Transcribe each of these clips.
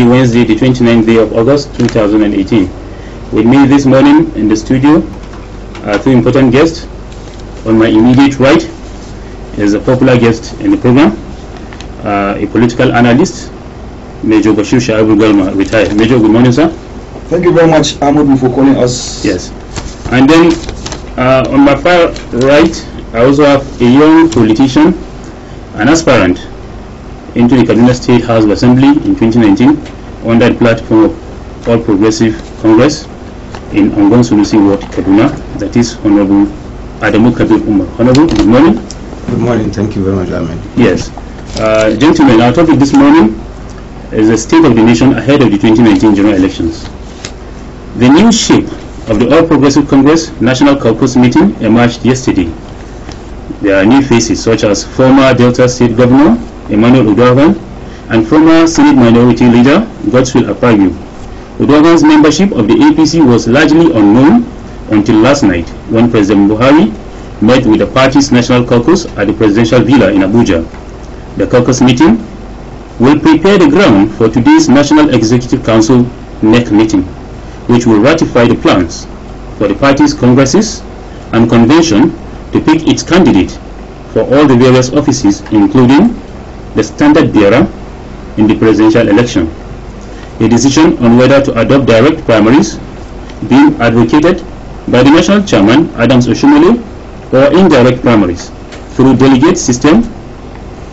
Wednesday, the 29th day of August 2018. With me this morning in the studio are two important guests. On my immediate right is a popular guest in the program, uh, a political analyst, Major Bashir Shahab Galma, retired. Major, good morning, sir. Thank you very much, Ahmadu, for calling us. Yes. And then uh, on my far right, I also have a young politician, an aspirant into the Kaduna State House of Assembly in 2019 under the platform of All Progressive Congress in Angon Sunusi Ward, Kaduna. That is Honorable Adamu Kabir Umar. Honorable, good morning. Good morning. Thank you very much, Amen. Yes. Uh, gentlemen, our topic this morning is the state of the nation ahead of the 2019 general elections. The new shape of the All Progressive Congress National Caucus meeting emerged yesterday. There are new faces such as former Delta State Governor Emmanuel Udogan, and former Senate Minority Leader Godswill Apagio. Udogan's membership of the APC was largely unknown until last night when President Buhari met with the party's national caucus at the presidential villa in Abuja. The caucus meeting will prepare the ground for today's National Executive Council NEC meeting, which will ratify the plans for the party's congresses and convention to pick its candidate for all the various offices including the standard bearer in the presidential election. A decision on whether to adopt direct primaries being advocated by the national chairman Adams Oshimole or indirect primaries through delegate system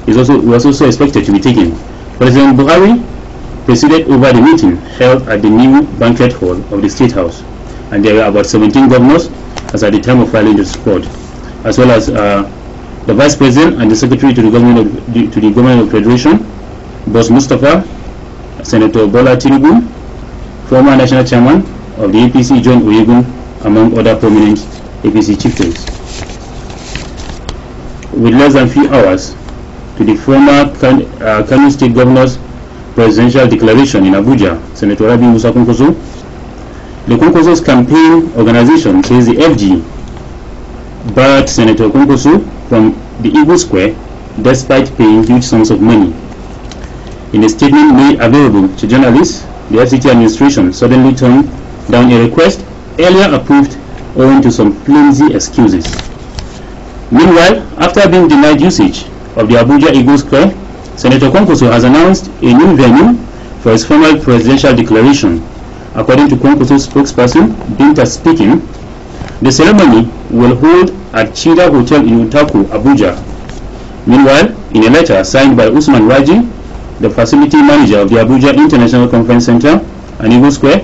is also was also expected to be taken. President Buhari presided over the meeting held at the new banquet hall of the State House and there were about 17 governors as at the time of filing this report as well as uh, the Vice President and the Secretary to the Government of, to the Government of Federation, Boss Mustafa, Senator Bola Tinubu, former National Chairman of the APC John Oyegun, among other prominent APC chieftains. With less than few hours to the former uh, Kano uh, State Governor's presidential declaration in Abuja, Senator Rabi Musa Kunkoso, the Kunkoso's campaign organization says the FG barred Senator Kunkoso from the evil square despite paying huge sums of money. In a statement made available to journalists, the FCT administration suddenly turned down a request earlier approved owing to some flimsy excuses. Meanwhile, after being denied usage of the Abuja Eagle Square, Senator Kwankoso has announced a new venue for his formal presidential declaration. According to Kwankoso's spokesperson, Binta speaking, the ceremony will hold at Chida Hotel in Utaku, Abuja. Meanwhile, in a letter signed by Usman Raji, the facility manager of the Abuja International Conference Center and Eagle Square,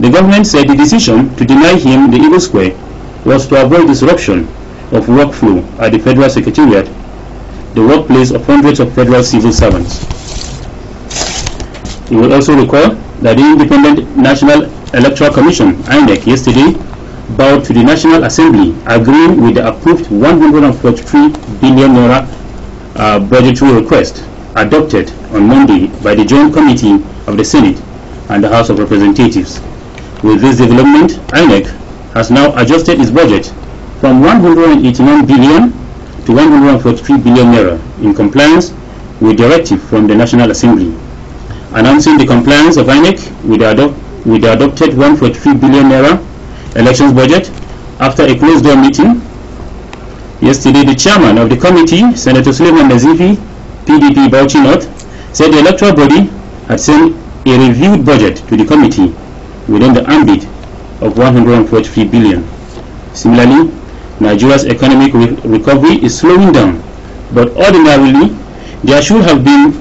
the government said the decision to deny him the Eagle Square was to avoid disruption of workflow at the Federal Secretariat, the workplace of hundreds of federal civil servants. You will also recall that the Independent National Electoral Commission, INEC, yesterday bowed to the National Assembly, agreeing with the approved 143 billion naira uh, budgetary request adopted on Monday by the Joint Committee of the Senate and the House of Representatives. With this development, INEC has now adjusted its budget from 189 billion to 143 billion naira in compliance with directive from the National Assembly, announcing the compliance of INEC with the, with the adopted 143 billion naira elections budget after a closed door meeting. Yesterday, the chairman of the committee, Senator Suleiman Nazifi, PDP Bauchi North, said the electoral body had sent a reviewed budget to the committee within the ambit of 143 billion. Similarly, Nigeria's economic re recovery is slowing down, but ordinarily, there should have been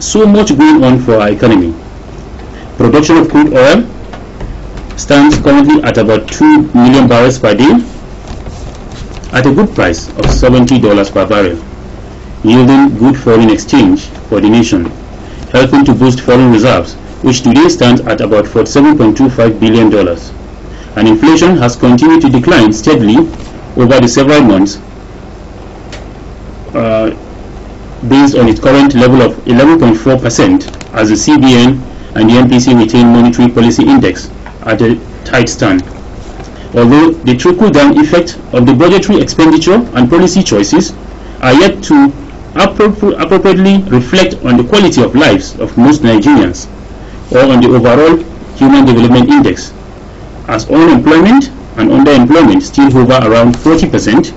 so much going on for our economy. Production of crude oil stands currently at about 2 million barrels per day at a good price of $70 per barrel, yielding good foreign exchange for the nation, helping to boost foreign reserves, which today stands at about $47.25 billion. And inflation has continued to decline steadily over the several months uh, based on its current level of 11.4% as the CBN and the MPC Retained Monetary Policy Index at the tight stand. Although the trickle-down effect of the budgetary expenditure and policy choices are yet to appropriately reflect on the quality of lives of most Nigerians or on the overall Human Development Index, as unemployment and underemployment still hover around 40%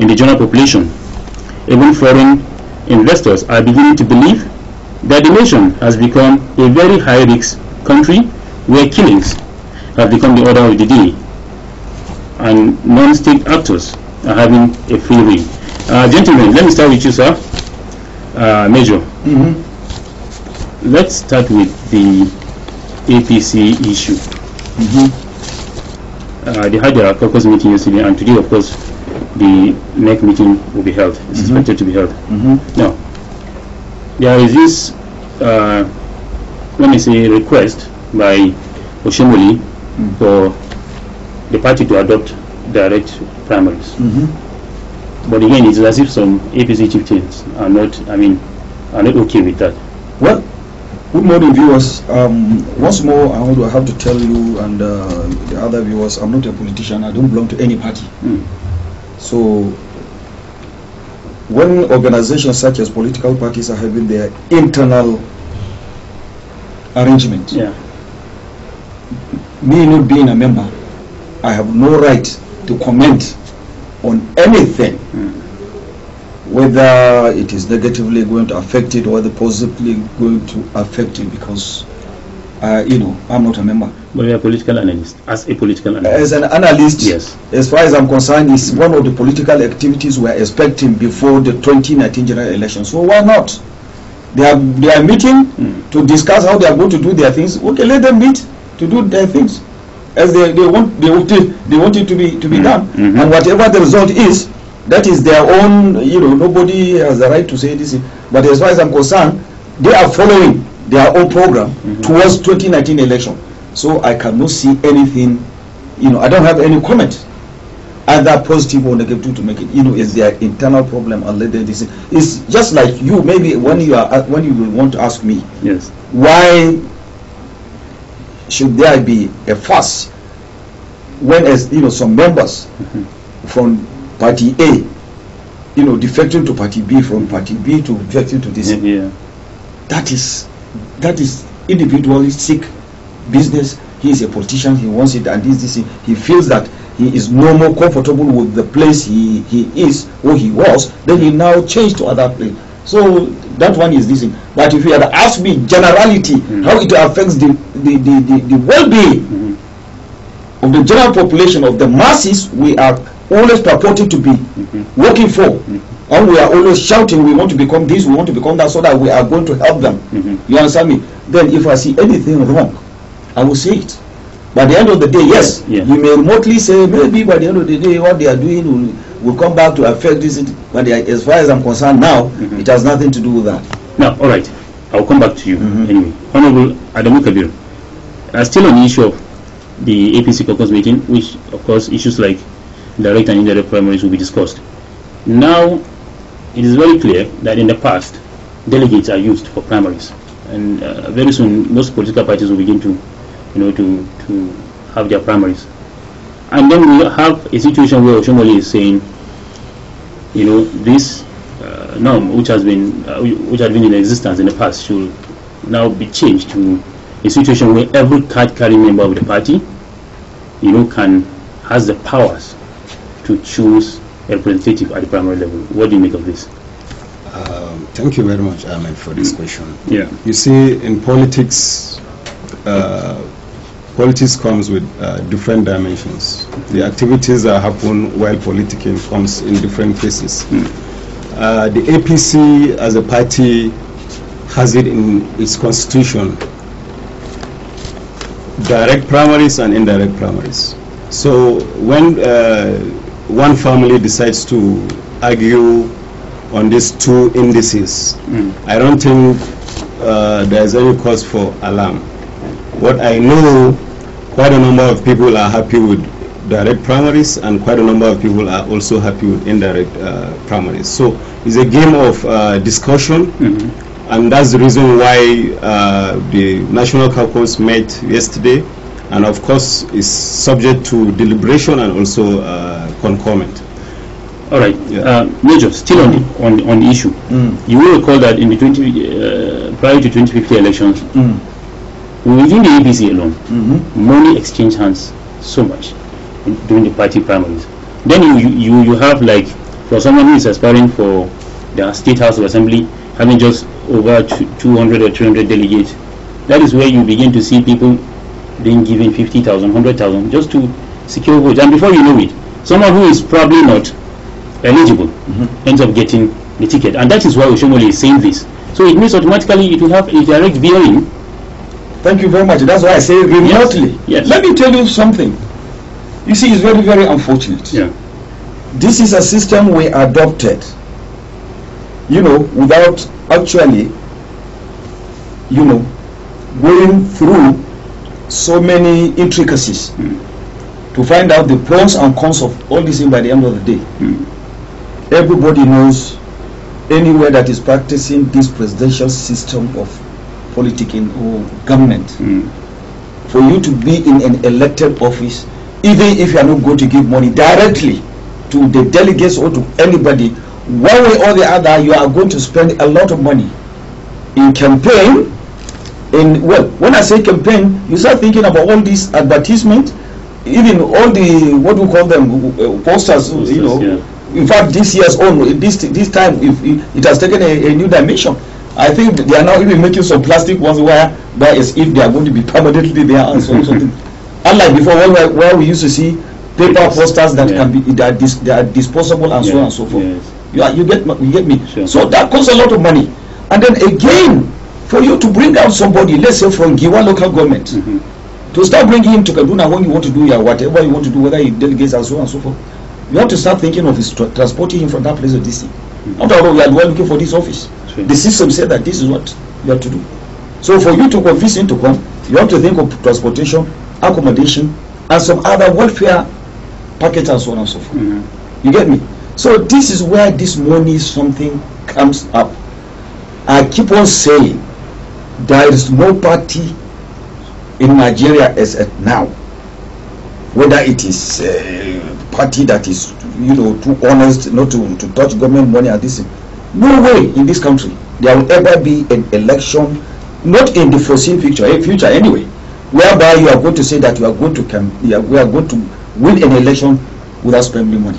in the general population. Even foreign investors are beginning to believe that the nation has become a very high-risk country where killings have become the order of the day, and non-state actors are having a free reign. Uh, gentlemen, let me start with you, sir. Uh, Major. Mm -hmm. Let's start with the APC issue. Mm -hmm. uh, they had their caucus meeting yesterday, and today, of course, the next meeting will be held. It's mm -hmm. expected to be held. Mm-hmm. Now, there is this, uh, let me say, request by Oshimoli mm. for the party to adopt direct primaries. Mm-hmm. But again, it's as if some APC chieftains are not, I mean, are not okay with that. Well, good morning, viewers. Um, once more, I want to have to tell you and uh, the other viewers, I'm not a politician. I don't belong to any party. Mm. So, when organizations such as political parties are having their internal arrangement, yeah me not being a member, I have no right to comment on anything, whether it is negatively going to affect it, or whether positively going to affect it, because uh, you know, I'm not a member. But you're a political analyst. As a political analyst. As an analyst, yes. As far as I'm concerned, it's one of the political activities we're expecting before the 2019 general election. So why not? They are they are meeting mm. to discuss how they are going to do their things. Okay, let them meet to do their things as they, they want they want it, they want it to be to be mm-hmm. done -hmm. and whatever the result is that is their own you know nobody has the right to say this but as far as i'm concerned they are following their own program mm -hmm. towards 2019 election so i cannot see anything you know i don't have any comment either positive or negative to make it you know is their internal problem them this it's just like you maybe when you are when you will want to ask me yes why should there be a fuss when as you know some members mm-hmm. from party A you know defecting to party B from party B to defecting to this yeah. that is that is individualistic business he is a politician he wants it and this this he feels that he is no more comfortable with the place he he is or he was then he now changed to other place so that one is this. Thing. But if you had asked me generality, mm. how it affects the, the, the, the, the well-being mm. of the general population, of the masses, we are always purported to be -hmm. working for. -hmm. And we are always shouting, we want to become this, we want to become that, so that we are going to help them. Mm-hmm. You understand me? Then if I see anything wrong, I will say it. By the end of the day, yes, yeah. you may remotely say, maybe by the end of the day, what they are doing will will come back to affect this. But as far as I'm concerned now, mm-hmm. it has nothing to do with that. Now, all right. I'll come back to you mm-hmm. anyway. Honorable Adamu Kabir, uh, still on the issue of the APC caucus meeting, which, of course, issues like direct and indirect primaries will be discussed. Now, it is very clear that in the past, delegates are used for primaries, and uh, very soon most political parties will begin to, you know, to to have their primaries and then we have a situation where somebody is saying, you know, this uh, norm which has been uh, which had been in existence in the past should now be changed to a situation where every card-carrying member of the party, you know, can has the powers to choose a representative at the primary level. What do you make of this? Um, thank you very much, Ahmed, for this mm. question. Yeah. You see, in politics, uh, politics comes with uh, different dimensions. The activities that happen while politicking comes in different phases. Mm. Uh, the APC as a party has it in its constitution, direct primaries and indirect primaries. So when uh, one family decides to argue on these two indices, mm. I don't think uh, there's any cause for alarm. What I know quite a number of people are happy with direct primaries and quite a number of people are also happy with indirect uh, primaries. So it's a game of uh, discussion mm -hmm. and that's the reason why uh, the National Caucus met yesterday and of course is subject to deliberation and also uh, concurrent. All right, yeah. Uh, Major, still on, on, on the issue, mm. you will recall that in the 20, uh, prior to 2050 elections, mm within the ABC alone, mm-hmm. money exchange hands so much during the party primaries. Then you, you, you have like for someone who is aspiring for the state house of assembly, having just over 200 or 300 delegates, that is where you begin to see people being given 50,000, 100,000 just to secure votes. And before you know it, someone who is probably not eligible mm-hmm. ends up getting the ticket. And that is why Oshomole is saying this. So it means automatically it will have a direct bearing Thank you very much. That's why I say remotely. Yes. yes. Let me tell you something. You see, it's very, very unfortunate. Yeah. This is a system we adopted, you know, without actually, you know, going through so many intricacies mm. to find out the pros and cons of all this thing by the end of the day. Mm. Everybody knows anywhere that is practicing this presidential system of politicking or government. Mm. For you to be in an elected office, even if you are not going to give money directly to the delegates or to anybody, one way or the other, you are going to spend a lot of money in campaign. In well, when I say campaign, you start thinking about all these advertisement, even all the what we call them uh, posters, posters, you know. Yeah in fact this year's own this this time it, it has taken a, a, new dimension I think they are now even making some plastic ones where that is if they are going to be permanently there and so on. So Unlike before, where, where, we used to see paper yes. posters that yeah. can be that dis, they are disposable and yeah. so on and so forth. Yes. You, are, you get you get me. Sure. So that costs a lot of money, and then again, for you to bring out somebody, let's say from Giwa local government, mm -hmm. to start bringing him to Kaduna when you want to do your whatever you want to do, whether you delegate and so on and so forth, you have to start thinking of tra transporting him from that place to DC. thing. Mm-hmm. After all, we are looking for this office. The system said that this is what you have to do. So for you to convince him to come, you have to think of transportation, accommodation, and some other welfare package and so on and so forth. Mm -hmm. You get me? So this is where this money something comes up. I keep on saying there is no party in Nigeria as at now, whether it is a uh, party that is you know too honest not to, to touch government money and this no way in this country there will ever be an election, not in the foreseen future, eh, future anyway, whereby you are going to say that you are going to come, you are, we are going to win an election without spending money.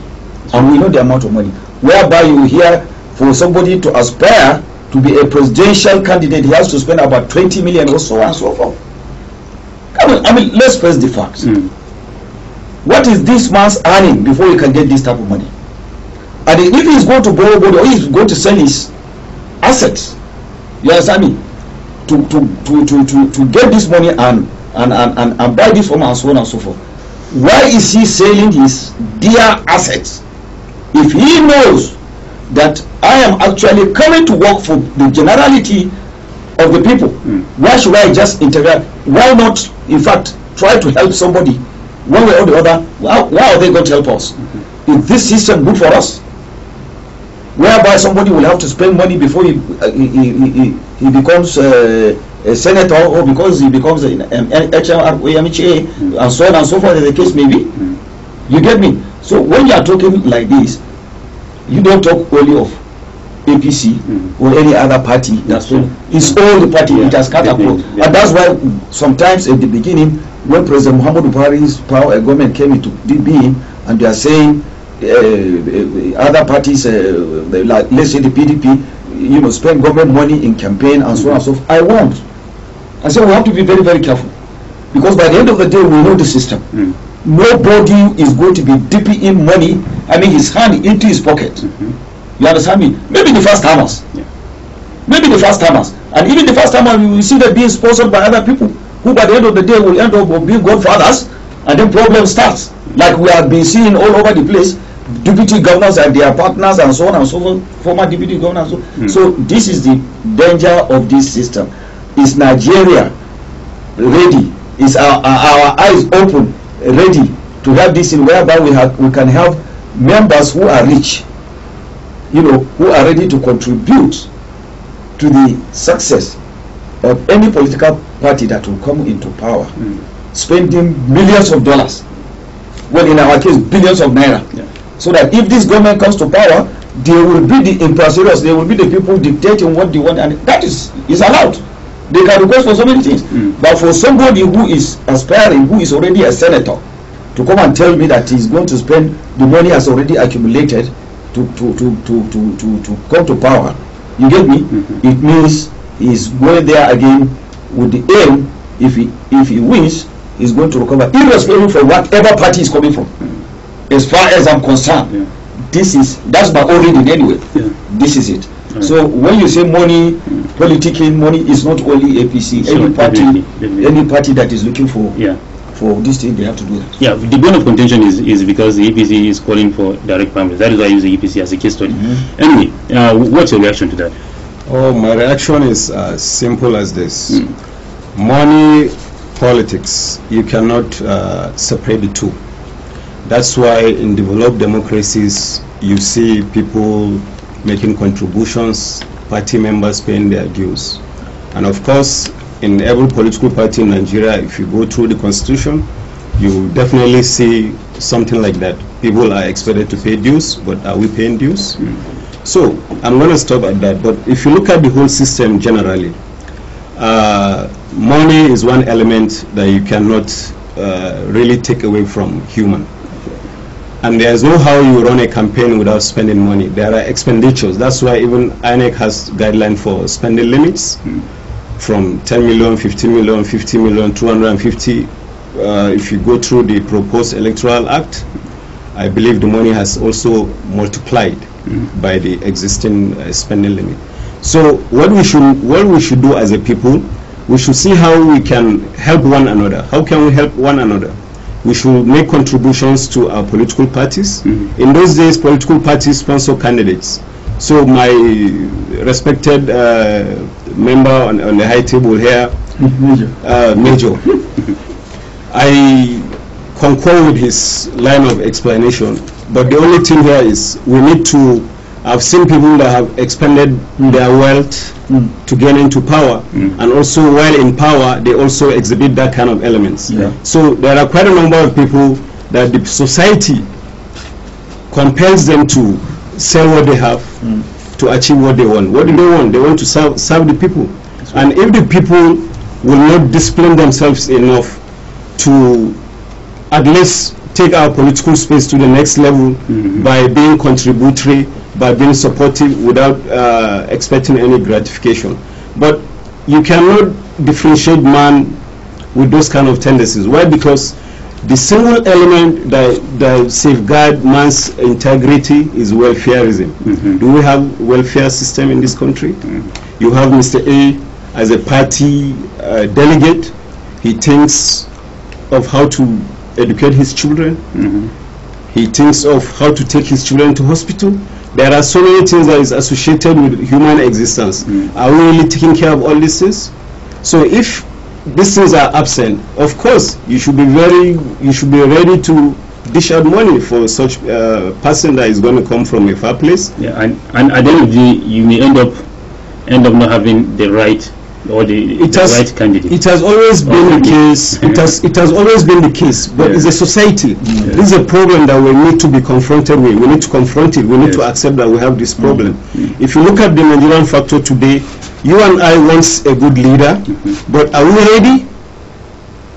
And we know the amount of money. Whereby you hear for somebody to aspire to be a presidential candidate, he has to spend about 20 million or so and so forth. I mean, I mean let's face the facts. Mm. What is this man's earning before he can get this type of money? And if he's going to borrow money or he's going to sell his assets, you understand me? To, to, to, to, to, to get this money and, and, and, and, and buy this home and so on and so forth. Why is he selling his dear assets? If he knows that I am actually coming to work for the generality of the people, mm. why should I just interact? Why not, in fact, try to help somebody one way or the other? Why, why are they going to help us? Mm -hmm. Is this system good for us? whereby somebody will have to spend money before uh, he, he, he, he, becomes uh, a senator or because he becomes an HMR, and so on and so forth, as the case may be. You get me? So when you are talking like this, you don't talk only of APC mm. or any other party. That's all. It's all the party. Yeah. It has cut across. Yeah. And that's why sometimes at the beginning, when President Muhammadu Buhari's power government came into being, and they are saying uh, uh, other parties, uh, like let's say the PDP, you know, spend government money in campaign and so on and so forth. I won't. I said we have to be very, very careful. Because by the end of the day, we know the system. Mm. Nobody is going to be dipping in money, I mean, his hand into his pocket. Mm-hmm. You understand me? Maybe the first timers. Yeah. Maybe the first timers. And even the first timers, we will see that being sponsored by other people who, by the end of the day, will end up being godfathers, and then problem starts. Like we have been seeing all over the place deputy governors and their partners and so on and so forth, former deputy governors. So, mm. so this is the danger of this system. Is Nigeria ready? Is our, our, our eyes open, ready to have this in whereby we, have, we can have members who are rich, you know, who are ready to contribute to the success of any political party that will come into power, mm. spending millions of dollars. Well, in our case, billions of naira. Yeah so that if this government comes to power they will be the impresarios they will be the people dictating what they want and that is is allowed they can request for so many things mm. but for somebody who is aspiring who is already a senator to come and tell me that he is going to spend the money has already accumulated to to to to to to, to come to power you get me mm-hmm. it means he's going there again with the aim if he if he wins he's going to recover irrespective from whatever party is coming from. mm as far as I'm concerned, yeah. this is that's my origin anyway. Yeah. This is it. Right. So when you say money, mm. politicking money is not only APC. So any party, any party that is looking for yeah. for this thing, they have to do that. Yeah, the bone of contention is, is because the APC is calling for direct primaries. That is why I use the APC as a case study. Mm -hmm. Anyway, uh, what's your reaction to that? Oh, my reaction is as uh, simple as this: mm. money, politics. You cannot uh, separate the two. That's why in developed democracies, you see people making contributions, party members paying their dues. And of course, in every political party in Nigeria, if you go through the constitution, you definitely see something like that. People are expected to pay dues, but are we paying dues? Mm. So I'm going to stop at that. But if you look at the whole system generally, uh, money is one element that you cannot uh, really take away from human and there's no how you run a campaign without spending money. There are expenditures. That's why even INEC has guidelines for spending limits from 10 million, 15 million, 50 million, 250. Uh, if you go through the proposed electoral act, I believe the money has also multiplied mm. by the existing uh, spending limit. So what we should what we should do as a people, we should see how we can help one another. How can we help one another? we should make contributions to our political parties. Mm-hmm. In those days, political parties sponsor candidates. So my respected uh, member on, on, the high table here, Major, uh, Major I concur with his line of explanation. But the only thing here is we need to I've seen people that have expanded their wealth mm. to gain into power, mm. and also while in power, they also exhibit that kind of elements. Yeah. So there are quite a number of people that the society compels them to sell what they have mm. to achieve what they want. What do they want? They want to serve, serve the people. Right. And if the people will not discipline themselves enough to at least take our political space to the next level mm -hmm. by being contributory by being supportive without uh, expecting any gratification. But you cannot differentiate man with those kind of tendencies. Why? Because the single element that, that safeguard man's integrity is welfareism. Mm -hmm. Do we have welfare system in this country? Mm -hmm. You have Mr. A as a party uh, delegate. He thinks of how to educate his children. Mm -hmm. He thinks of how to take his children to hospital there are so many things that is associated with human existence. Mm. Are we really taking care of all these things? So if these things are absent, of course you should be very, you should be ready to dish out money for such a uh, person that is going to come from a far place. Yeah, and, and at the end of the day, you may end up end up not having the right or the, it the has, right candidate. It has always been the case. it has it has always been the case. But yes. it's a society. Yes. This is a problem that we need to be confronted with. We need to confront it. We need yes. to accept that we have this problem. Mm -hmm. If you look at the Nigerian factor today, you and I wants a good leader, mm -hmm. but are we ready?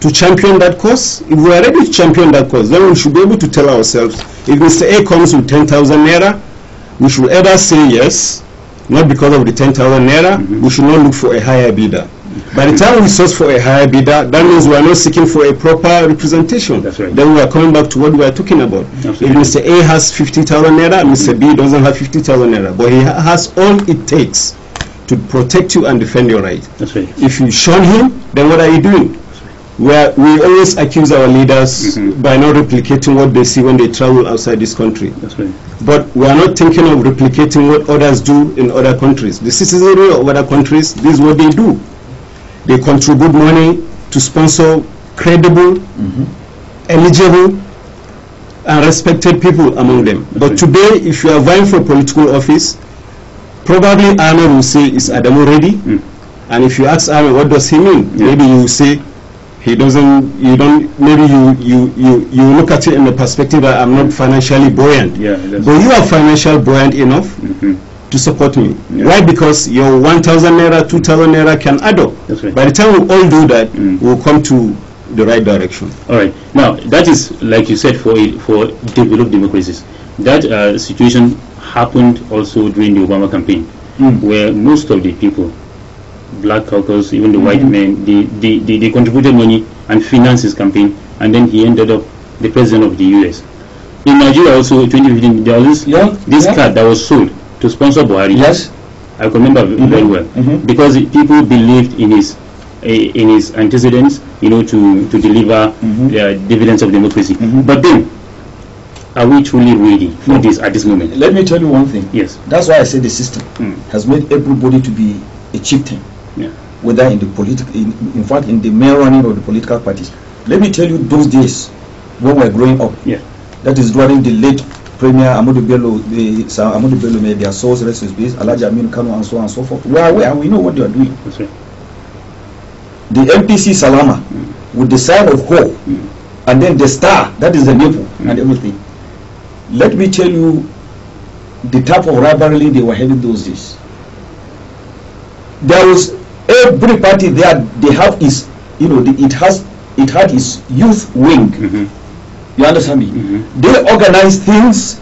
to champion that cause? If we are ready to champion that cause, then we should be able to tell ourselves, if Mr. A comes with 10,000 naira, we should either say yes not because of the 10,000 naira, mm -hmm. we should not look for a higher bidder. By the time we source for a higher bidder, that means we are not seeking for a proper representation. Right. Then we are coming back to what we are talking about. Absolutely. If Mr. A has 50,000 naira, Mr. B doesn't have 50,000 naira, but he has all it takes to protect you and defend your right. right. If you shun him, then what are you doing? where we always accuse our leaders mm-hmm. by not replicating what they see when they travel outside this country. Right. But we are not thinking of replicating what others do in other countries. The citizenry of other countries, this is what they do. They contribute money to sponsor credible, mm-hmm. eligible, and respected people among them. That's but right. today, if you are vying for political office, probably Ahmed will say, is Adamo ready? Mm. And if you ask Ahmed, what does he mean? Yeah. Maybe you will say, he doesn't you don't maybe you you you you look at it in the perspective that i'm not financially buoyant yeah but you are financially buoyant enough mm -hmm. to support me yeah. why because your 1000 naira 2000 naira can add up right. by the time we all do that mm. we'll come to the right direction all right now that is like you said for for developed democracies that uh, situation happened also during the obama campaign mm. where most of the people black caucus, even the mm-hmm. white men, they, they, they, they, contributed money and financed his campaign, and then he ended up the president of the US. In Nigeria also, 2015, there was this, yeah, this yeah. card that was sold to sponsor Buhari. Yes. I remember mm-hmm. very well. Mm-hmm. Because people believed in his eh, in his antecedents, you know, to, to deliver mm-hmm. the uh, dividends of democracy. Mm-hmm. But then, are we truly ready for mm-hmm. this at this moment? Let me tell you one thing. Yes. That's why I say the system mm. has made everybody to be a chieftain yeah. whether in the political, in, in, fact, in the main running of the political parties. Let me tell you those days when we were growing up. Yeah. That is during the late Premier Amadou Bello, the Sir Amadou Bello made their source, rest in peace, Alaji Amin Kano, and so on and so forth. Where are we? And we know what they are doing. Right. The MPC Salama, mm. with the sign of hope, mm. and then the star, that is the nipple, mm. and everything. Let me tell you the type of rivalry they were having those days. There was every party there they have is you know the, it has it had its youth wing mm-hmm. you understand me mm-hmm. they organize things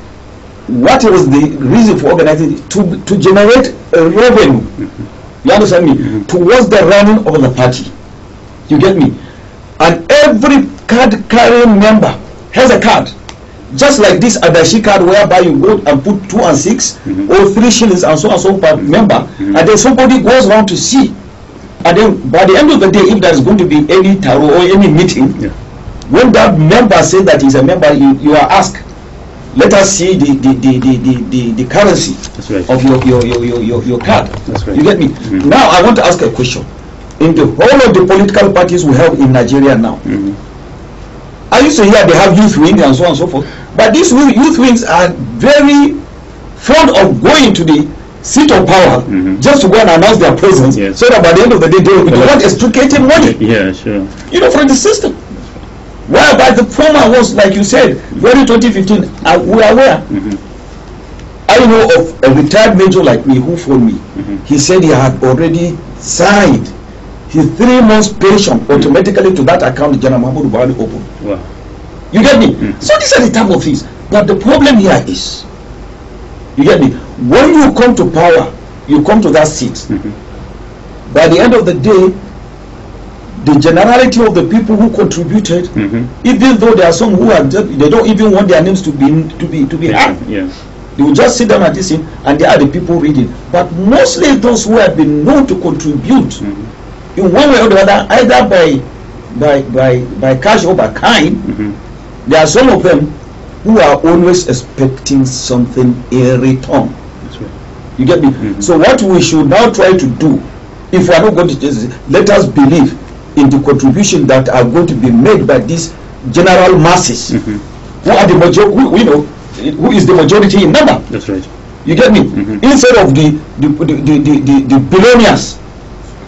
what was the reason for organizing to to generate a revenue mm-hmm. you understand me mm-hmm. towards the running of the party you get me and every card carrying member has a card just like this adashi card whereby you go and put two and 6 mm-hmm. or three shillings and so and so per mm-hmm. member mm-hmm. and then somebody goes around to see and then by the end of the day, if there's going to be any tarot or any meeting, yeah. when that member says that he's a member, you, you are asked, let us see the, the, the, the, the, the currency right. of your, your, your, your, your card. Right. You get me? Mm -hmm. Now I want to ask a question. In the whole of the political parties we have in Nigeria now, mm -hmm. I used to hear they have youth wings and so on and so forth. But these youth wings are very fond of going to the seat of power mm-hmm. just to go and announce their presence yes. so that by the end of the day they will be extricated money. Yeah, sure. You know, from the system. Why? But the former was, like you said, very 2015, uh, we are aware. Mm-hmm. I know of a retired major like me who phoned me. Mm-hmm. He said he had already signed his three months pension mm-hmm. automatically to that account General Mahmoud Buhari opened. Wow. You get me? Mm-hmm. So these are the type of things. But the problem here is, you get me? When you come to power, you come to that seat. Mm-hmm. By the end of the day, the generality of the people who contributed, mm-hmm. even though there are some who are they don't even want their names to be to be to be yeah. heard. Yeah. They will just sit down and listen, and they are the people reading. But mostly those who have been known to contribute mm-hmm. in one way or the other, either by by by by cash or by kind. Mm-hmm. There are some of them who are always expecting something in return. You get me? Mm -hmm. So what we should now try to do, if we are not going to let us believe in the contribution that are going to be made by these general masses. Mm -hmm. Who are the majority? Who, you know, who is the majority in number? That's right. You get me? Mm -hmm. Instead of the the the the, the, the billionaires,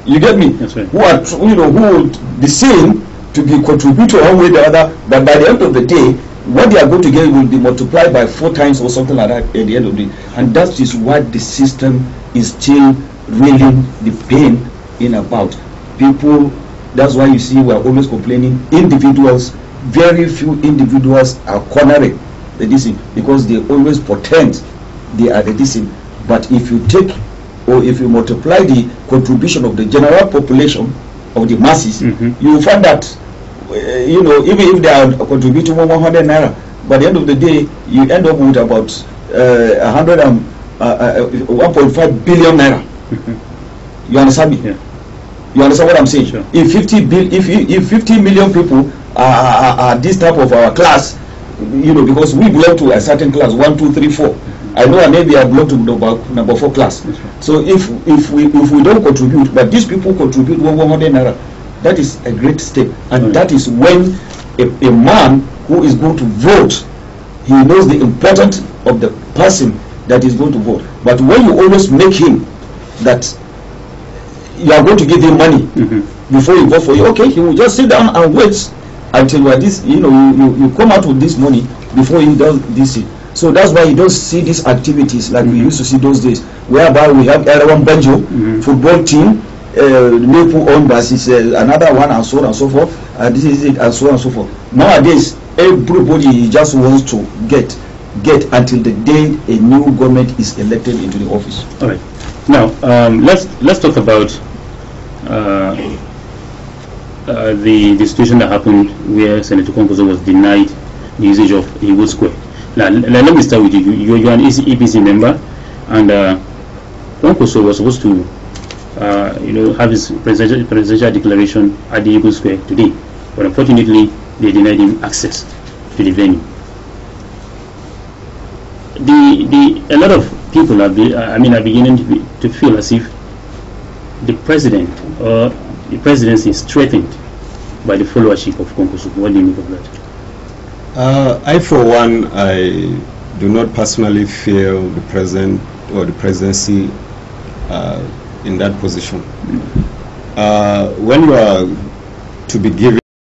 you get me? That's right. Who are you know who would be seen to be contributing one way or the other, but by the end of the day, what they are going to get will be multiplied by four times or something like that at the end of the and that is what the system is still reeling the pain in about people that's why you see we are always complaining individuals very few individuals are cornering the dissing because they always pretend they are the dissing but if you take or if you multiply the contribution of the general population of the masses mm -hmm. you find that Eh, you know, even if they are contributing 100 naira, by the end of the day, you end up with about uh, eh, 100 and, uh, uh, 1.5 billion naira. you understand me? Yeah. You understand what I'm saying? Sure. If 50 bill, if if 50 million people are, are, are, this type of our class, you know, because we belong to a certain class, one, two, three, four. I know I maybe I belong to number, number four class. Right. So if if we if we don't contribute, but these people contribute 100 naira, that is a great step. And mm. that is when a, a man who is going to vote, he knows the importance of the person that is going to vote. But when you always make him that you are going to give him money mm -hmm. before you vote for you, okay, he will just sit down and wait until are this, you know, you, you, you, come out with this money before he does this. So that's why you don't see these activities like mm -hmm. we mm-hmm. used to see those days, whereby we have everyone banjo, mm -hmm. football team, uh, eh, maple own versus uh, eh, another one and so on and so forth and uh, this is it and so on and so forth nowadays everybody just wants to get get until the day a new government is elected into the office all right now um, let's let's talk about uh, uh, the the situation that happened where senator Konkozo was denied the usage of Igbo square now let me start with you you, you are an EPC member and uh, was supposed to uh, you know, have his presidential, presidential declaration at the Eagle Square today. But unfortunately, they denied him access to the venue. The, the, a lot of people are, be, uh, I mean, are beginning to, be, to feel as if the president or uh, the presidency is threatened by the followership of Konkosuku. What do you make of that? Uh, I, for one, I do not personally feel the president or the presidency uh, in that position. Uh, when you are to be given